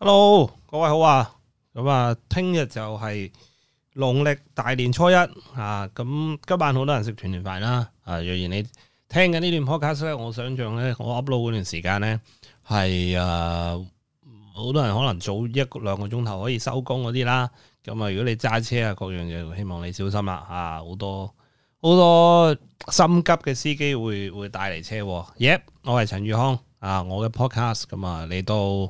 Hello，各位好啊！咁、嗯、啊，聽日就係農曆大年初一啊！咁今晚好多人食團年飯啦。啊，若然你聽緊呢段 podcast 咧，我想象咧，我 upload 嗰段時間咧係誒，好、啊、多人可能早一兩個鐘頭可以收工嗰啲啦。咁啊，如果你揸車啊，各樣嘢，希望你小心啦、啊。啊，好多好多心急嘅司機會會帶嚟車禍、啊、e、Yep 我係陳宇康啊，我嘅 podcast 咁、嗯、啊你都。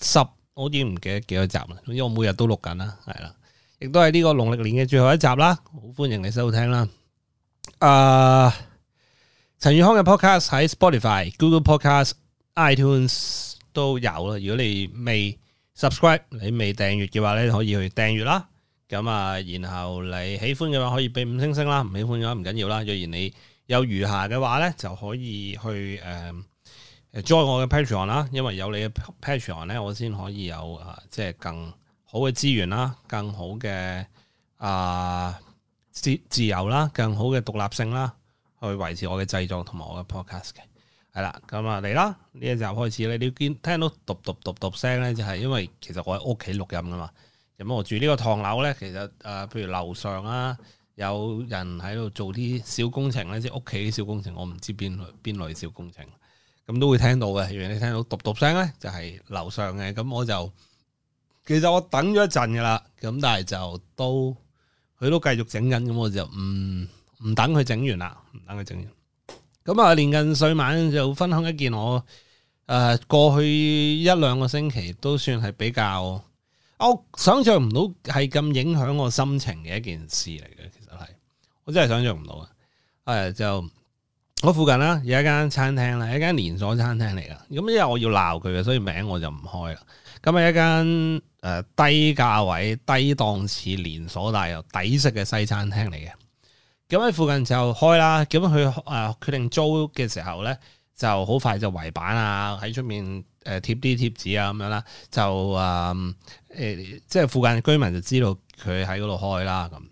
十我已經唔記得幾多集啦，總之我每日都錄緊啦，係啦，亦都係呢個農曆年嘅最後一集啦，好歡迎你收聽啦。啊、呃，陳宇康嘅 podcast 喺 Spotify、Google Podcast、iTunes 都有啦。如果你未 subscribe、你未訂閱嘅話咧，你可以去訂閱啦。咁啊，然後你喜歡嘅話可以俾五星星啦，唔喜歡嘅話唔緊要啦。若然你有餘下嘅話咧，就可以去誒。呃 join 我嘅 patron 啦，因為有你嘅 patron 咧，我先可以有啊，即係更好嘅資源啦，更好嘅啊自自由啦，更好嘅獨立性啦，去維持我嘅製作同埋我嘅 podcast 嘅。係啦，咁啊嚟啦，呢一集開始咧，你要見聽到嘟嘟嘟嘟聲咧，就係因為其實我喺屋企錄音㗎嘛。咁我住呢個唐樓咧，其實啊，譬如樓上啊，有人喺度做啲小工程咧，即係屋企小工程，我唔知邊類邊類小工程。咁都會聽到嘅，如果你聽到讀讀，讀聲咧，就係、是、樓上嘅。咁我就其實我等咗一陣噶啦，咁但係就都佢都繼續整緊，咁我就唔唔等佢整完啦，唔等佢整完。咁啊，臨近歲晚就分享一件我誒、呃、過去一兩個星期都算係比較我、哦、想象唔到係咁影響我心情嘅一件事嚟嘅，其實係我真係想象唔到啊！誒、哎、就。我附近啦，有一間餐廳啦，一間連鎖餐廳嚟㗎。咁因為我要鬧佢嘅，所以名我就唔開啦。咁係一間誒低價位、低檔次連鎖大，但又抵食嘅西餐廳嚟嘅。咁喺附近就開啦。咁佢誒決定租嘅時候咧，就好快就圍板啊，喺出面誒貼啲貼紙啊咁樣啦，就誒誒，即、嗯、係、就係、附近居民就知道佢喺嗰度開啦咁。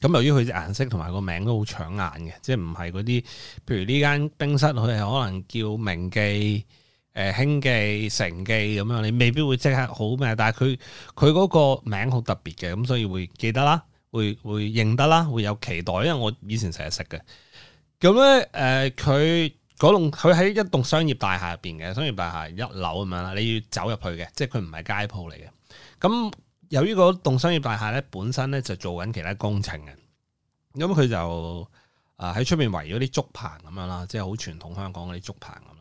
咁由於佢隻顏色同埋個名都好搶眼嘅，即係唔係嗰啲，譬如呢間冰室，佢係可能叫明記、誒、呃、興記、成記咁樣，你未必會即刻好咩，但係佢佢嗰個名好特別嘅，咁所以會記得啦，會會認得啦，會有期待，因為我以前成日食嘅。咁咧誒佢嗰棟佢喺一棟商業大廈入邊嘅商業大廈一樓咁樣啦，你要走入去嘅，即係佢唔係街鋪嚟嘅，咁。由於個棟商業大廈咧，本身咧就做緊其他工程嘅，咁佢就啊喺出邊圍咗啲竹棚咁樣啦，即係好傳統的香港嗰啲竹棚咁啊。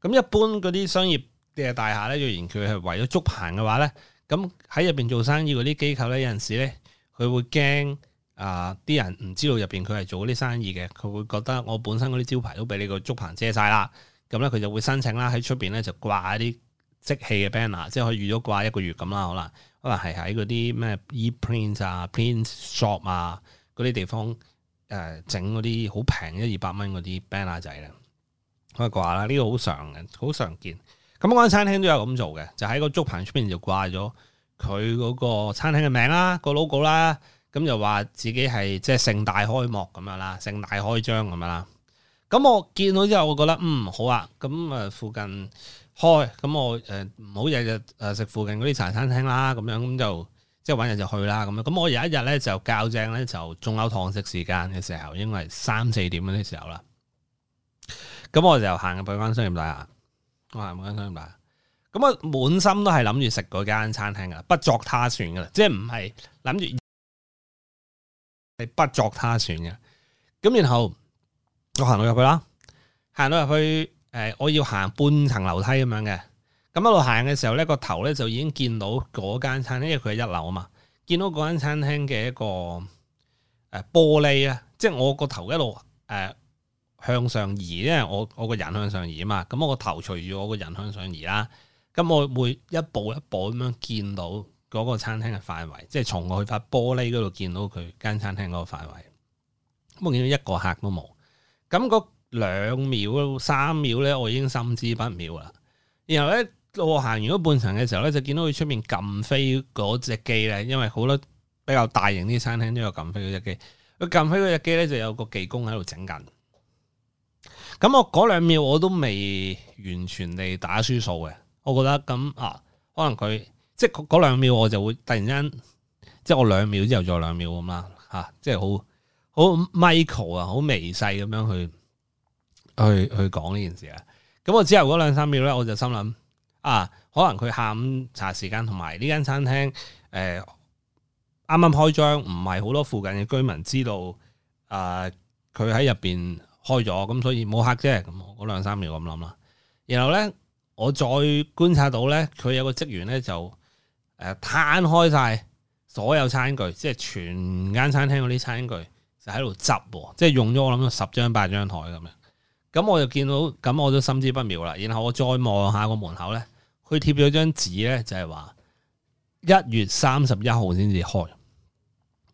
咁一般嗰啲商業嘅大廈咧，若然佢係圍咗竹棚嘅話咧，咁喺入邊做生意嗰啲機構咧，有陣時咧，佢會驚啊啲人唔知道入邊佢係做嗰啲生意嘅，佢會覺得我本身嗰啲招牌都俾呢個竹棚遮晒啦，咁咧佢就會申請啦，喺出邊咧就掛一啲。即氣嘅 banner，即係可以預咗掛一個月咁啦，好啦可能係喺嗰啲咩 eprint 啊、print shop 啊嗰啲地方誒，整嗰啲好平一二百蚊嗰啲 banner 仔呢可以掛啦。呢個好常嘅，好常見。咁嗰間餐廳都有咁做嘅，就喺個竹棚出邊就掛咗佢嗰個餐廳嘅名啦，個 logo 啦，咁就話自己係即係盛大開幕咁樣啦，盛大開張咁樣啦。咁我見到之後，我覺得嗯好啊，咁啊附近。開，咁我誒唔、呃、好日日誒食附近嗰啲茶餐廳啦，咁樣咁就即係揾日就去啦咁樣。咁我有一日咧就較正咧就仲有堂食時間嘅時候，應該係三四點嗰啲時候啦。咁我就行入去翻商業大廈，我行翻商業大廈。咁我滿心都係諗住食嗰間餐廳噶，不作他選噶啦，即係唔係諗住係不作他選嘅。咁然後我行到入去啦，行到入去。誒，我要行半層樓梯咁樣嘅，咁一路行嘅時候咧，個頭咧就已經見到嗰間餐廳，因為佢係一樓啊嘛。見到嗰間餐廳嘅一個誒玻璃啊，即係我個頭一路誒向上移，因為我我個人向上移啊嘛。咁我個頭隨住我個人向上移啦，咁我會一步一步咁樣見到嗰個餐廳嘅範圍，即係從佢塊玻璃嗰度見到佢間餐廳嗰個範圍。咁我見到一個客都冇。咁、個兩秒、三秒咧，我已經心知不妙啦。然後咧，我行完嗰半程嘅時候咧，就見到佢出面撳飛嗰隻機咧。因為好多比較大型啲餐廳都有撳飛嗰隻機。佢撳飛嗰隻機咧，就有個技工喺度整緊。咁我嗰兩秒我都未完全地打輸數嘅，我覺得咁啊，可能佢即係嗰兩秒，我就會突然間即係我兩秒之後再兩秒咁啦嚇，即係好好 micro 啊，好微細咁樣去。去去講呢件事啊！咁我之後嗰兩三秒呢，我就心諗啊，可能佢下午茶時間同埋呢間餐廳誒，啱啱開張，唔係好多附近嘅居民知道佢喺入邊開咗，咁所以冇客啫。咁我嗰兩三秒咁諗啦。然後呢，我再觀察到呢，佢有個職員呢，就誒攤開晒所有餐具，即係全間餐廳嗰啲餐具就喺度執，即係用咗我諗十張八張台咁樣。咁我就見到，咁我都心知不妙啦。然後我再望下個門口呢，佢貼咗張紙呢，就係話一月三十一號先至開。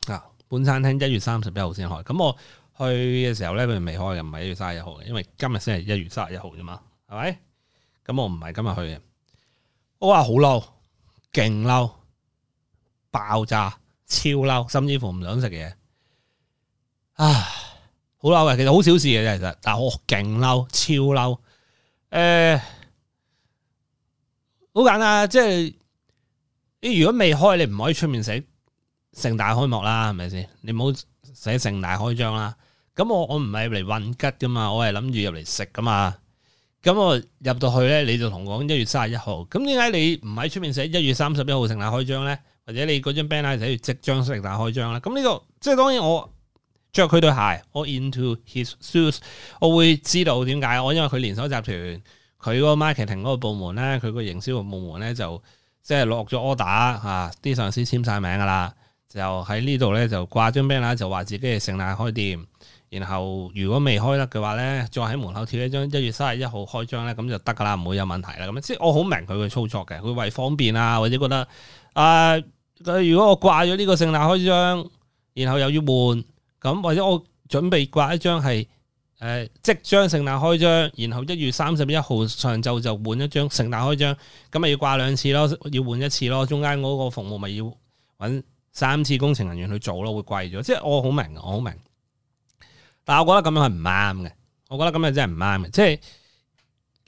啊，本餐廳一月三十一號先開。咁我去嘅時候呢，未開，又唔係一月三十一號，因為今日先係一月三十一號啫嘛，係咪？咁我唔係今日去嘅。我話好嬲，勁嬲，爆炸，超嬲，甚至乎唔想食嘢。啊！好嬲呀，其實好小事嘅啫，其實，但係我勁嬲，超嬲。誒、呃，好簡單，即係你如果未開，你唔可以出面寫盛大開幕啦，係咪先？你唔好寫盛大開張啦。咁我我唔係嚟運吉噶嘛，我係諗住入嚟食噶嘛。咁我入到去咧，你就同我講一月三十一號。咁點解你唔喺出面寫一月三十一號盛大開張咧？或者你嗰張 banner 寫住即將盛大開張咧？咁呢、呢個即係當然我。着佢對鞋，我 into his shoes，我會知道點解我因為佢連鎖集團佢個 marketing 嗰個部門咧，佢個營銷部門咧就即係落咗 order 嚇、啊，啲上司簽晒名噶啦，就喺呢度咧就掛張 banner 就話自己係盛大開店，然後如果未開得嘅話咧，再喺門口貼一張一月三十一號開張咧，咁就得噶啦，唔會有問題啦。咁即係我好明佢嘅操作嘅，佢為方便啦，或者覺得誒、呃，如果我掛咗呢個盛大開張，然後又要換。咁或者我準備掛一張係誒即將盛大開張，然後一月三十一號上晝就換一張盛大開張，咁咪要掛兩次咯，要換一次咯，中間嗰個服務咪要揾三次工程人員去做咯，會貴咗。即係我好明，我好明，但係我覺得咁樣係唔啱嘅，我覺得咁樣真係唔啱嘅。即係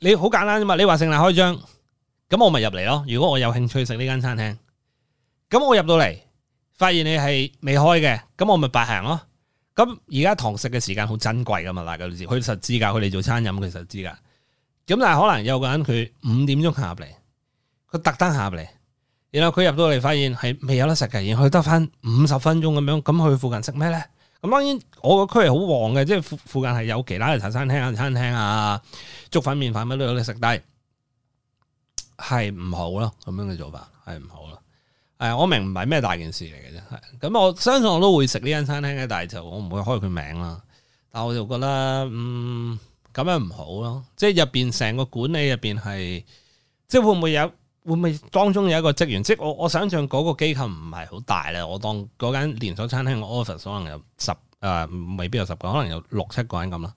你好簡單啫嘛，你話盛大開張，咁我咪入嚟咯。如果我有興趣食呢間餐廳，咁我入到嚟，發現你係未開嘅，咁我咪白行咯。咁而家堂食嘅時間好珍貴噶嘛，嗱，佢哋知，佢實知噶，佢哋做餐飲佢實知噶。咁但係可能有個人佢五點鐘下入嚟，佢特登下入嚟，然後佢入到嚟發現係未有得食嘅，然後佢得翻五十分鐘咁樣，咁去附近食咩咧？咁當然我個區域好旺嘅，即係附附近係有其他茶餐廳啊、餐廳啊、粥粉麵飯乜都有得食，但係係唔好咯，咁樣嘅做法係唔好咯。誒、嗯，我明唔係咩大件事嚟嘅啫，係、嗯、咁我相信我都會食呢間餐廳嘅，但係就我唔會開佢名啦。但我就覺得，嗯，咁樣唔好咯。即係入邊成個管理入邊係，即係會唔會有會唔會當中有一個職員，即係我我想象嗰個機構唔係好大咧。我當嗰間連鎖餐廳嘅 office 可能有十誒、呃，未必有十個，可能有六七個人咁咯。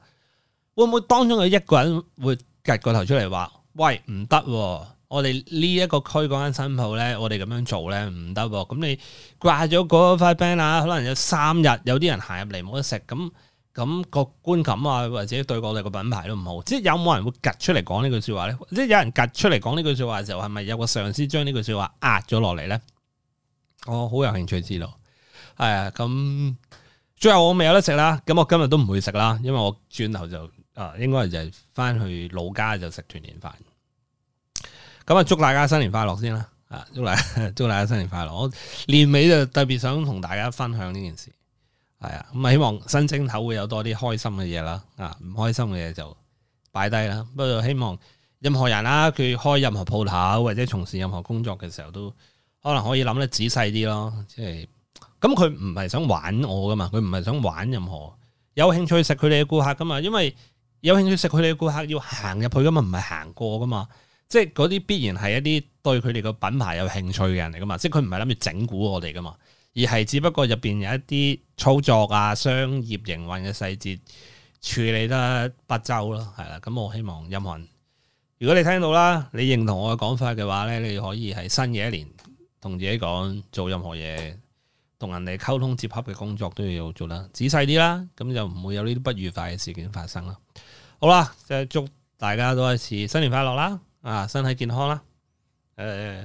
會唔會當中有一個人會夾個頭出嚟話，喂唔得？我哋呢一個區嗰間新鋪咧，我哋咁樣做咧唔得噃。咁你掛咗嗰塊餅啦，可能有三日，有啲人行入嚟冇得食，咁咁、個觀感啊，或者對我哋個品牌都唔好。即係有冇人會夾出嚟講呢句說話咧？即係有人夾出嚟講呢句說話嘅時候，係咪有個上司將呢句說話壓咗落嚟咧？我好有興趣知道。係、哎、啊，咁最後我未有得食啦，咁我今日都唔會食啦，因為我轉頭就啊、呃，應該就係翻去老家就食團年飯。咁啊，祝大家新年快樂先啦！啊，祝大家，祝大家新年快樂。我年尾就特別想同大家分享呢件事，係啊，咁啊，希望新正頭會有多啲開心嘅嘢啦，啊，唔開心嘅嘢就擺低啦。不過希望任何人啦，佢開任何鋪頭或者從事任何工作嘅時候，都可能可以諗得仔細啲咯。即係咁，佢唔係想玩我噶嘛，佢唔係想玩任何有興趣食佢哋嘅顧客噶嘛，因為有興趣食佢哋嘅顧客要行入去噶嘛，唔係行過噶嘛。即係嗰啲必然係一啲對佢哋個品牌有興趣嘅人嚟噶嘛，即係佢唔係諗住整蠱我哋噶嘛，而係只不過入邊有一啲操作啊、商業營運嘅細節處理得不周咯，係啦。咁我希望任何人，如果你聽到啦，你認同我嘅講法嘅話咧，你可以喺新嘅一年同自己講，做任何嘢同人哋溝通、接洽嘅工作都要做啦，仔細啲啦，咁就唔會有呢啲不愉快嘅事件發生啦。好啦，就祝大家多一次新年快樂啦！啊，身體健康啦，呃，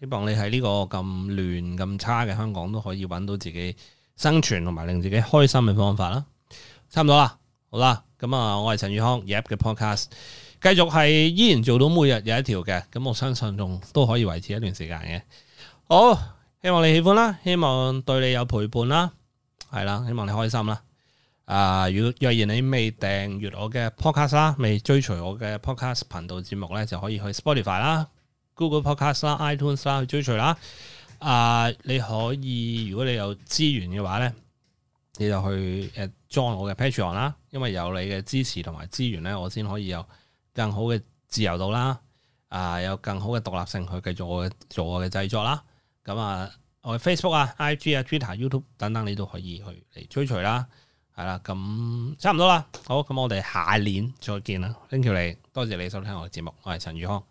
希望你喺呢個咁亂咁差嘅香港都可以揾到自己生存同埋令自己開心嘅方法啦，差唔多啦，好啦，咁啊，我係陳宇康嘅、yep, podcast，繼續係依然做到每日有一條嘅，咁我相信仲都可以維持一段時間嘅，好，希望你喜歡啦，希望對你有陪伴啦，係啦，希望你開心啦。啊！若若然你未訂閱我嘅 podcast 啦，未追隨我嘅 podcast 頻道節目咧，就可以去 Spotify 啦、Google Podcast 啦、iTunes 啦去追隨啦。啊！你可以如果你有資源嘅話咧，你就去誒裝、啊、我嘅 Patreon 啦，因為有你嘅支持同埋資源咧，我先可以有更好嘅自由度啦。啊，有更好嘅獨立性去繼續我嘅做我嘅製作啦。咁啊，我 Facebook 啊、IG 啊、Twitter、YouTube 等等，你都可以去嚟追隨啦。係啦，咁、嗯、差唔多啦。好，咁我哋下一年再見啦，Thank you，你多謝你收聽我嘅節目，我係陳宇康。